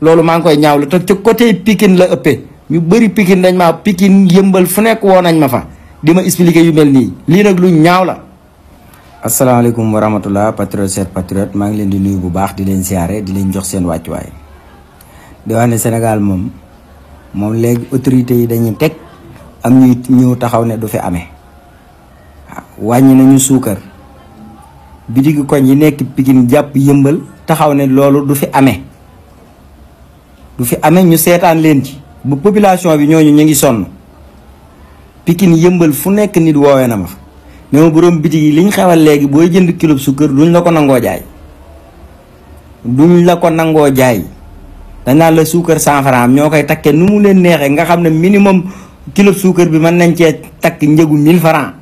loolu mang koy ñaawlu tok ci côté Pikine la ëppee ñu bari Pikine dañ ma Pikine yëmbal fu nek woo nañ ma fa dima expliquer yu mel nii lii nag lu ñaaw la. alaykum wa rahmatullah patriote seet patriote leen di nuyu bu baax di leen ziaré di leen jox seen wàccuwaay di wax ne Sénégal mom mom léegi autorité yi dañuy tek am ñuy ñëw taxaw ne du fi amé wañi nañu suukar bitigi koñ yi nek Pikine japp yëmbal taxaw ne loolu du fi amé du fi amee ñu seetaan leen ci bu population bi ñooñu ñu ngi sonn pikin yëmbal fu nekk nit woowee na ma fa ne borom bitig yi liñ xewal léegi booy jënd kilo sukkër duñ la ko nangoo jaay duñ la ko nangoo jaay dañ la suukar cent franc ñoo koy takkee nu mu leen neexee nga xam ne minimum kilo suukar bi mën nañ cee takk njëgu mille franc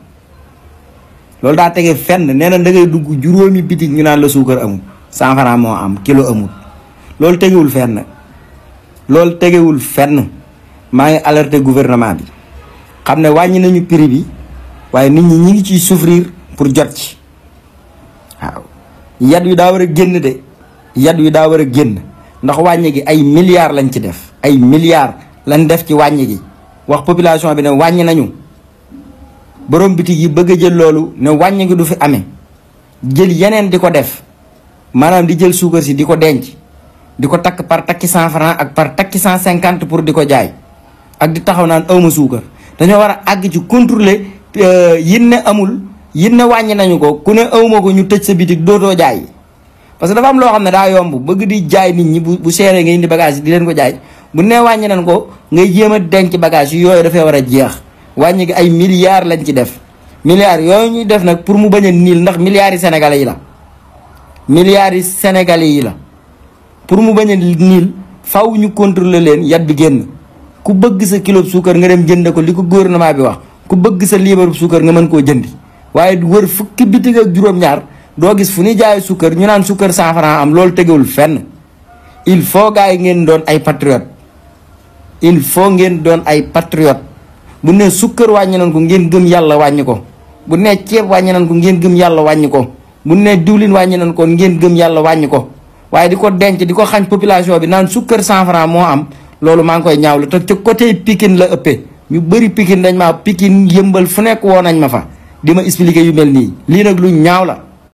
loolu daa tege fenn nee na da ngay dugg juróomi bitig ñu naan la suukar amul cent franc moo am kilo amul loolu tegewul fenn. loolu tegewul fenn maa ngi alerté gouvernement bi xam ne wàññi nañu prix bi waaye nit ñi ñi ngi ciy souffrir pour jot ci waaw yat wi daa war a génn de yat wi daa war a génn ndax wàññi gi ay milliards lañ ci def ay milliards lañ def ci wàññi gi wax population bi ne wàññi nañu borom bitig yi bëgg a jël loolu ne wàññi gi du fi amee jël yeneen di ko def maanaam di jël suukar si di ko denc diko tak par takki 100 francs ak par takki 150 pour diko ko jaay ak di taxaw nan awma sougar dañu wara ag ci contrôler eh, yinne amul yinne wañi nañu ko ku ne awma ko ñu tëj sa bitik dootoo jaay parce que dafa am lo xamne da yomb bëgg di jaay nit ñi bu séré ngay indi bagage di leen ko jaay bu ne wañi nan ko ngay jema a denc bagage yoy da dafay wara jeex wañi gi ay milliards lañ ci def milliards yoy ñuy def nak pour mu baña nil ndax milliards sénégalais yi la milliards sénégalais yi la pour mu bañ nii niil faaw ñu contrôler leen yat bi génn ku bëgg sa kilo suukar nga dem jënd ko li ko maa bi wax ku bëgg sa liibaru suukar nga mën koo jëndi waaye wër fukki bitig ak juróom-ñaar doo gis fu ñuy jaay suukar ñu naan suukar cent franc am loolu tegewul fenn il faut gars yi ngeen doon ay patriote il faut ngeen doon ay patriote bu ne sukkar wàññi nañ ko ngeen gëm yàlla wàññi ko bu ne ceeb wàññi nañ ko ngeen gëm yàlla wàññi ko bu ne diwlin wàññi nañ ko ngeen gëm yàlla wàññi ko waaye di ko denc di ko xañ population bi naan sukkër cent franc moo am loolu maa ngi koy ñaawlu te ca côté pikin la ëppee ñu bëri Pikine dañ maa pikin yëmbal fu nekk woo nañ ma fa di ma expliquer yu mel nii lii nag lu ñaaw la